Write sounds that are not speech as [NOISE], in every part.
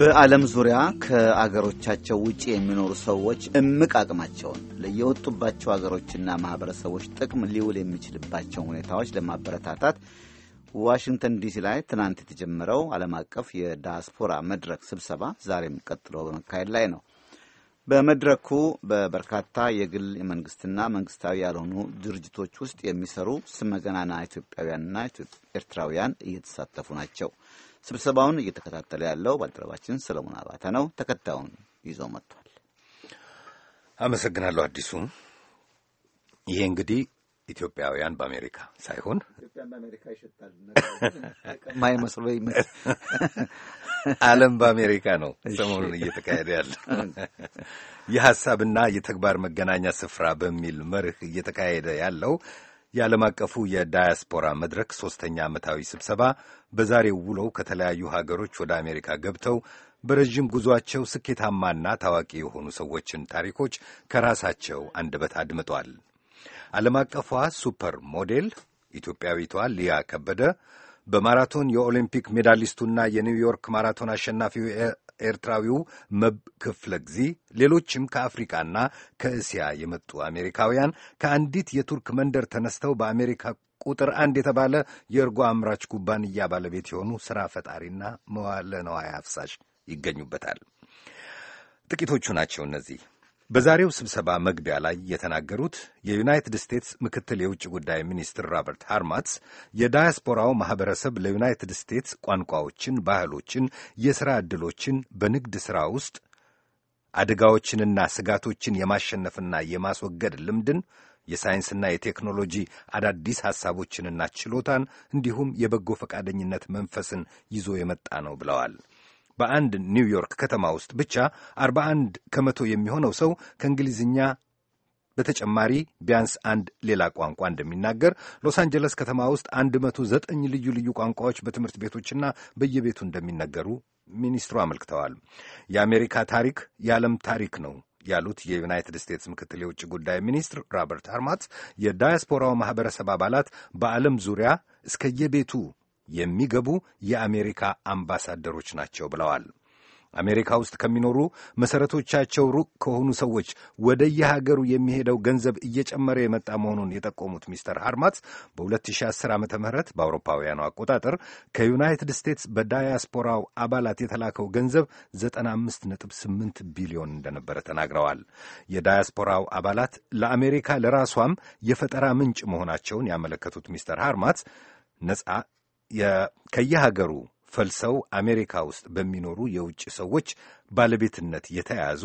በዓለም ዙሪያ ከአገሮቻቸው ውጭ የሚኖሩ ሰዎች እምቅ አቅማቸውን ለየወጡባቸው አገሮችና ማህበረሰቦች ጥቅም ሊውል የሚችልባቸውን ሁኔታዎች ለማበረታታት ዋሽንግተን ዲሲ ላይ ትናንት የተጀመረው ዓለም አቀፍ የዳያስፖራ መድረክ ስብሰባ ዛሬም ቀጥሎ በመካሄድ ላይ ነው። በመድረኩ በበርካታ የግል የመንግስትና መንግስታዊ ያልሆኑ ድርጅቶች ውስጥ የሚሰሩ ስመገናና ኢትዮጵያውያንና ኤርትራውያን እየተሳተፉ ናቸው። ስብሰባውን እየተከታተለ ያለው ባልደረባችን ሰለሞን አባተ ነው። ተከታዩን ይዞ መጥቷል። አመሰግናለሁ አዲሱ። ይሄ እንግዲህ ኢትዮጵያውያን በአሜሪካ ሳይሆን አለም [LAUGHS] ዓለም በአሜሪካ ነው ሰሞኑን እየተካሄደ ያለ [LAUGHS] የሀሳብና የተግባር መገናኛ ስፍራ በሚል መርህ እየተካሄደ ያለው የዓለም አቀፉ የዳያስፖራ መድረክ ሦስተኛ ዓመታዊ ስብሰባ በዛሬው ውለው ከተለያዩ ሀገሮች ወደ አሜሪካ ገብተው በረዥም ጉዟቸው ስኬታማና ታዋቂ የሆኑ ሰዎችን ታሪኮች ከራሳቸው አንደበት አድምጧል። ዓለም አቀፏ ሱፐር ሞዴል ኢትዮጵያዊቷ ሊያ ከበደ በማራቶን የኦሊምፒክ ሜዳሊስቱና የኒውዮርክ ማራቶን አሸናፊው ኤርትራዊው መብ ክፍለ ጊዜ ሌሎችም ከአፍሪቃና ከእስያ የመጡ አሜሪካውያን ከአንዲት የቱርክ መንደር ተነስተው በአሜሪካ ቁጥር አንድ የተባለ የእርጎ አምራች ኩባንያ ባለቤት የሆኑ ሥራ ፈጣሪና መዋለ ነዋይ አፍሳሽ ይገኙበታል። ጥቂቶቹ ናቸው እነዚህ። በዛሬው ስብሰባ መግቢያ ላይ የተናገሩት የዩናይትድ ስቴትስ ምክትል የውጭ ጉዳይ ሚኒስትር ሮበርት ሃርማትስ የዳያስፖራው ማኅበረሰብ ለዩናይትድ ስቴትስ ቋንቋዎችን፣ ባህሎችን፣ የሥራ ዕድሎችን በንግድ ሥራ ውስጥ አደጋዎችንና ስጋቶችን የማሸነፍና የማስወገድ ልምድን የሳይንስና የቴክኖሎጂ አዳዲስ ሐሳቦችንና ችሎታን እንዲሁም የበጎ ፈቃደኝነት መንፈስን ይዞ የመጣ ነው ብለዋል። በአንድ ኒውዮርክ ከተማ ውስጥ ብቻ 41 ከመቶ የሚሆነው ሰው ከእንግሊዝኛ በተጨማሪ ቢያንስ አንድ ሌላ ቋንቋ እንደሚናገር፣ ሎስ አንጀለስ ከተማ ውስጥ 109 ልዩ ልዩ ቋንቋዎች በትምህርት ቤቶችና በየቤቱ እንደሚነገሩ ሚኒስትሩ አመልክተዋል። የአሜሪካ ታሪክ የዓለም ታሪክ ነው ያሉት የዩናይትድ ስቴትስ ምክትል የውጭ ጉዳይ ሚኒስትር ሮበርት አርማት የዳያስፖራው ማህበረሰብ አባላት በዓለም ዙሪያ እስከየቤቱ የሚገቡ የአሜሪካ አምባሳደሮች ናቸው ብለዋል። አሜሪካ ውስጥ ከሚኖሩ መሠረቶቻቸው ሩቅ ከሆኑ ሰዎች ወደ የሀገሩ የሚሄደው ገንዘብ እየጨመረ የመጣ መሆኑን የጠቆሙት ሚስተር ሃርማት በ2010 ዓ ም በአውሮፓውያኑ አቆጣጠር ከዩናይትድ ስቴትስ በዳያስፖራው አባላት የተላከው ገንዘብ 95.8 ቢሊዮን እንደነበረ ተናግረዋል። የዳያስፖራው አባላት ለአሜሪካ ለራሷም የፈጠራ ምንጭ መሆናቸውን ያመለከቱት ሚስተር ሃርማት ነጻ ከየሀገሩ ፈልሰው አሜሪካ ውስጥ በሚኖሩ የውጭ ሰዎች ባለቤትነት የተያዙ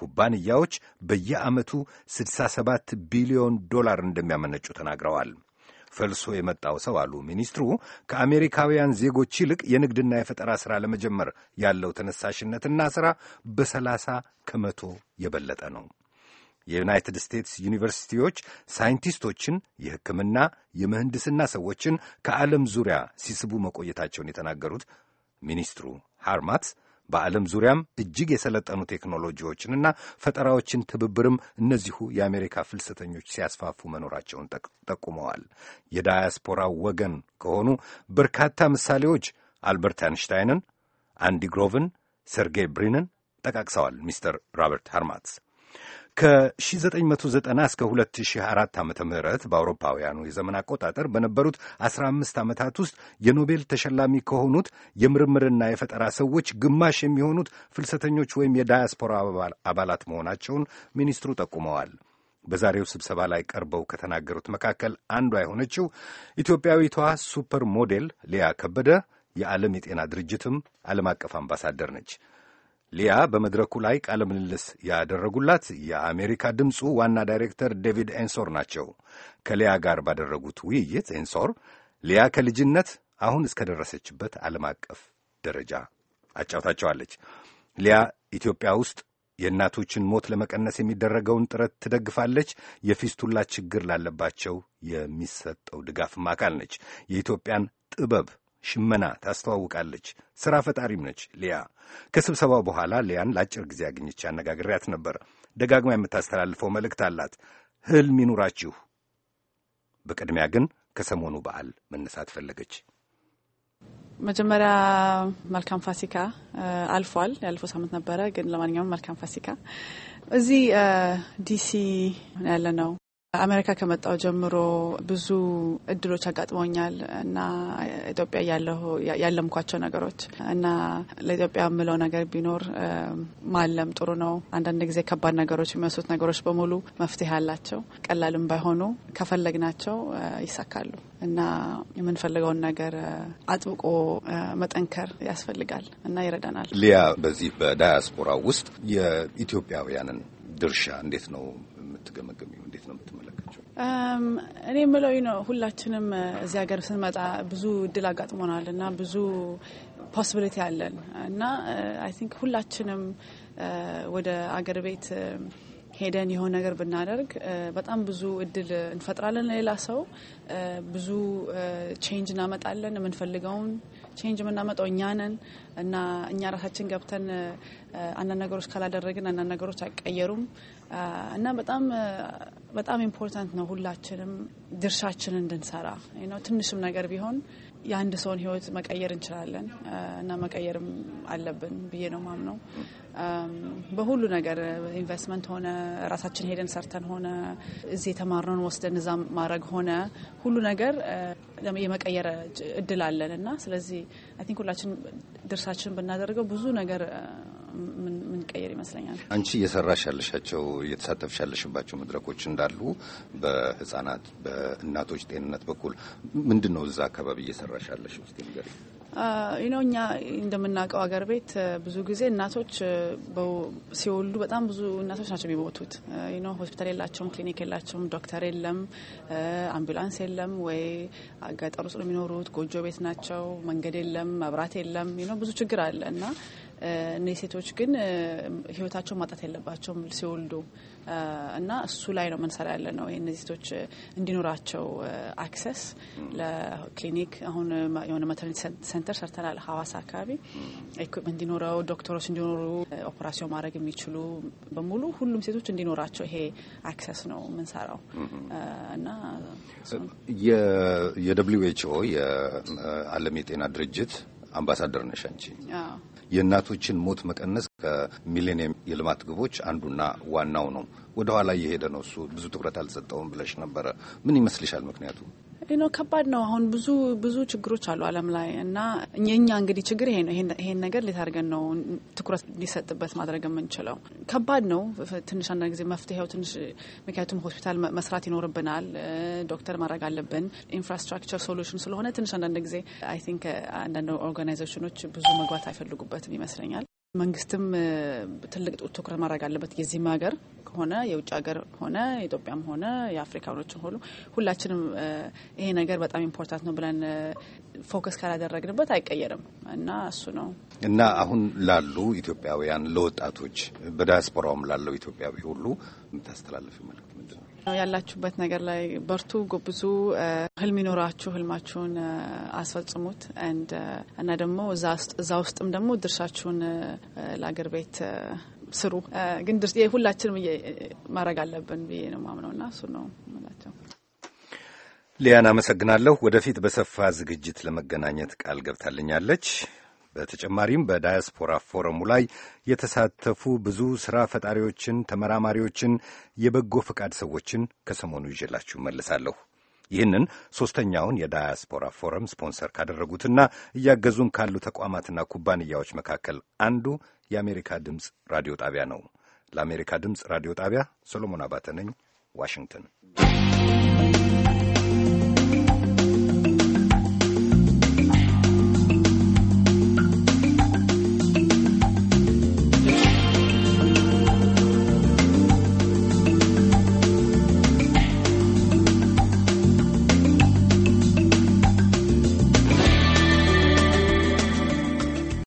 ኩባንያዎች በየዓመቱ 67 ቢሊዮን ዶላር እንደሚያመነጩ ተናግረዋል። ፈልሶ የመጣው ሰው አሉ ሚኒስትሩ፣ ከአሜሪካውያን ዜጎች ይልቅ የንግድና የፈጠራ ሥራ ለመጀመር ያለው ተነሳሽነትና ሥራ በሰላሳ ከመቶ የበለጠ ነው። የዩናይትድ ስቴትስ ዩኒቨርሲቲዎች ሳይንቲስቶችን፣ የሕክምና የምህንድስና ሰዎችን ከዓለም ዙሪያ ሲስቡ መቆየታቸውን የተናገሩት ሚኒስትሩ ሃርማት በዓለም ዙሪያም እጅግ የሰለጠኑ ቴክኖሎጂዎችንና ፈጠራዎችን ትብብርም እነዚሁ የአሜሪካ ፍልሰተኞች ሲያስፋፉ መኖራቸውን ጠቁመዋል። የዳያስፖራ ወገን ከሆኑ በርካታ ምሳሌዎች አልበርት አንሽታይንን፣ አንዲ ግሮቭን፣ ሰርጌይ ብሪንን ጠቃቅሰዋል ሚስተር ሮበርት ሃርማትስ። ከ1990 እስከ 2004 ዓ ም በአውሮፓውያኑ የዘመን አቆጣጠር በነበሩት 15 ዓመታት ውስጥ የኖቤል ተሸላሚ ከሆኑት የምርምርና የፈጠራ ሰዎች ግማሽ የሚሆኑት ፍልሰተኞች ወይም የዳያስፖራ አባላት መሆናቸውን ሚኒስትሩ ጠቁመዋል። በዛሬው ስብሰባ ላይ ቀርበው ከተናገሩት መካከል አንዷ የሆነችው ኢትዮጵያዊቷ ሱፐር ሞዴል ሊያ ከበደ የዓለም የጤና ድርጅትም ዓለም አቀፍ አምባሳደር ነች። ሊያ በመድረኩ ላይ ቃለ ምልልስ ያደረጉላት የአሜሪካ ድምፁ ዋና ዳይሬክተር ዴቪድ ኤንሶር ናቸው። ከሊያ ጋር ባደረጉት ውይይት ኤንሶር ሊያ ከልጅነት አሁን እስከደረሰችበት ዓለም አቀፍ ደረጃ አጫውታቸዋለች። ሊያ ኢትዮጵያ ውስጥ የእናቶችን ሞት ለመቀነስ የሚደረገውን ጥረት ትደግፋለች። የፊስቱላ ችግር ላለባቸው የሚሰጠው ድጋፍም አካል ነች። የኢትዮጵያን ጥበብ ሽመና ታስተዋውቃለች። ሥራ ፈጣሪም ነች። ሊያ ከስብሰባው በኋላ ሊያን ለአጭር ጊዜ አግኝቼ አነጋግሬያት ነበር። ደጋግማ የምታስተላልፈው መልእክት አላት። ህልም ይኑራችሁ። በቅድሚያ ግን ከሰሞኑ በዓል መነሳት ፈለገች። መጀመሪያ መልካም ፋሲካ አልፏል። ያለፈው ሳምንት ነበረ፣ ግን ለማንኛውም መልካም ፋሲካ። እዚህ ዲሲ ያለ ነው አሜሪካ ከመጣው ጀምሮ ብዙ እድሎች አጋጥሞኛል እና ኢትዮጵያ ያለምኳቸው ነገሮች እና ለኢትዮጵያ የምለው ነገር ቢኖር ማለም ጥሩ ነው። አንዳንድ ጊዜ ከባድ ነገሮች የሚመስሉት ነገሮች በሙሉ መፍትሄ አላቸው። ቀላልም ባይሆኑ ከፈለግናቸው ይሳካሉ እና የምንፈልገውን ነገር አጥብቆ መጠንከር ያስፈልጋል እና ይረዳናል። ሊያ በዚህ በዳያስፖራ ውስጥ የኢትዮጵያውያንን ድርሻ እንዴት ነው የምትገመገሚ? እንዴት ነው የምትመለከቸው? እኔ የምለው ነው ሁላችንም እዚህ ሀገር ስንመጣ ብዙ እድል አጋጥሞናል እና ብዙ ፖስብሊቲ አለን እና አይ ቲንክ ሁላችንም ወደ አገር ቤት ሄደን የሆነ ነገር ብናደርግ በጣም ብዙ እድል እንፈጥራለን ለሌላ ሰው ብዙ ቼንጅ እናመጣለን የምንፈልገውን ቼንጅ የምናመጣው እኛ ነን እና እኛ ራሳችን ገብተን አንዳንድ ነገሮች ካላደረግን አንዳንድ ነገሮች አይቀየሩም እና በጣም በጣም ኢምፖርታንት ነው ሁላችንም ድርሻችን እንድንሰራ ነው። ትንሽም ነገር ቢሆን የአንድ ሰውን ህይወት መቀየር እንችላለን እና መቀየርም አለብን ብዬ ነው ማምነው። በሁሉ ነገር ኢንቨስትመንት ሆነ ራሳችን ሄደን ሰርተን ሆነ እዚህ የተማርነውን ወስደን እዛ ማድረግ ሆነ ሁሉ ነገር የመቀየር እድል አለን እና ስለዚህ አይ ቲንክ ሁላችን ድርሳችን ብናደርገው ብዙ ነገር ምንቀይር ይመስለኛል። አንቺ እየሰራሽ ያለሻቸው እየተሳተፍሽ ያለሽባቸው መድረኮች እንዳሉ በህጻናት በእናቶች ጤንነት በኩል ምንድን ነው እዛ አካባቢ እየሰራሽ ያለሽ ውስጥ ነገር ይነው እኛ እንደምናውቀው ሀገር ቤት ብዙ ጊዜ እናቶች ሲወልዱ በጣም ብዙ እናቶች ናቸው የሚሞቱት። ነው ሆስፒታል የላቸውም፣ ክሊኒክ የላቸውም፣ ዶክተር የለም፣ አምቡላንስ የለም። ወይ ገጠር ውስጥ ነው የሚኖሩት፣ ጎጆ ቤት ናቸው፣ መንገድ የለም፣ መብራት የለም። ነው ብዙ ችግር አለ እና እነዚህ ሴቶች ግን ህይወታቸውን ማጣት የለባቸውም ሲወልዱ እና እሱ ላይ ነው መንሰራ ያለ ነው። እነዚህ ሴቶች እንዲኖራቸው አክሰስ ለክሊኒክ አሁን የሆነ ማተርኒቲ ሴንተር ሰርተናል ሀዋሳ አካባቢ ኢኩፕመንት እንዲኖረው ዶክተሮች እንዲኖሩ ኦፕራሲዮን ማድረግ የሚችሉ በሙሉ ሁሉም ሴቶች እንዲኖራቸው ይሄ አክሰስ ነው ምንሰራው እና የደብሊው ኤች ኦ የዓለም የጤና ድርጅት አምባሳደር ነሽ አንቺ። የእናቶችን ሞት መቀነስ ከሚሌኒየም የልማት ግቦች አንዱና ዋናው ነው። ወደኋላ እየሄደ ነው እሱ ብዙ ትኩረት አልሰጠውም ብለሽ ነበረ። ምን ይመስልሻል ምክንያቱ? ነው ከባድ ነው። አሁን ብዙ ብዙ ችግሮች አሉ አለም ላይ እና የእኛ እንግዲህ ችግር ይሄ ነው። ይሄን ነገር ሊታርገን ነው ትኩረት ሊሰጥበት ማድረግ የምንችለው? ከባድ ነው ትንሽ አንዳንድ ጊዜ መፍትሄው ትንሽ ምክንያቱም ሆስፒታል መስራት ይኖርብናል፣ ዶክተር ማድረግ አለብን። ኢንፍራስትራክቸር ሶሉሽን ስለሆነ ትንሽ አንዳንድ ጊዜ አይ ቲንክ አንዳንድ ኦርጋናይዜሽኖች ብዙ መግባት አይፈልጉበትም ይመስለኛል። መንግስትም ትልቅ ትኩረት ማድረግ አለበት የዚህም ሀገር ሆነ የውጭ ሀገር ሆነ ኢትዮጵያም ሆነ የአፍሪካኖች ሁሉ ሁላችንም ይሄ ነገር በጣም ኢምፖርታንት ነው ብለን ፎከስ ካላደረግንበት አይቀየርም እና እሱ ነው እና አሁን ላሉ ኢትዮጵያውያን ለወጣቶች በዳያስፖራውም ላለው ኢትዮጵያዊ ሁሉ የምታስተላልፍ መልእክት ምንድን ነው? ያላችሁበት ነገር ላይ በርቱ፣ ጎብዙ። ህልም ይኖራችሁ ህልማችሁን አስፈጽሙት እና ደግሞ እዛ ውስጥም ደግሞ ድርሻችሁን ለአገር ቤት ስሩ። ግን ሁላችንም ማድረግ አለብን ብዬ ነው ማምነው እና እሱ ነው ምላቸው። ሊያን አመሰግናለሁ። ወደፊት በሰፋ ዝግጅት ለመገናኘት ቃል ገብታልኛለች። በተጨማሪም በዳያስፖራ ፎረሙ ላይ የተሳተፉ ብዙ ሥራ ፈጣሪዎችን፣ ተመራማሪዎችን፣ የበጎ ፈቃድ ሰዎችን ከሰሞኑ ይዤላችሁ መልሳለሁ። ይህንን ሶስተኛውን የዳያስፖራ ፎረም ስፖንሰር ካደረጉትና እያገዙን ካሉ ተቋማትና ኩባንያዎች መካከል አንዱ የአሜሪካ ድምፅ ራዲዮ ጣቢያ ነው። ለአሜሪካ ድምፅ ራዲዮ ጣቢያ ሰሎሞን አባተ ነኝ፣ ዋሽንግተን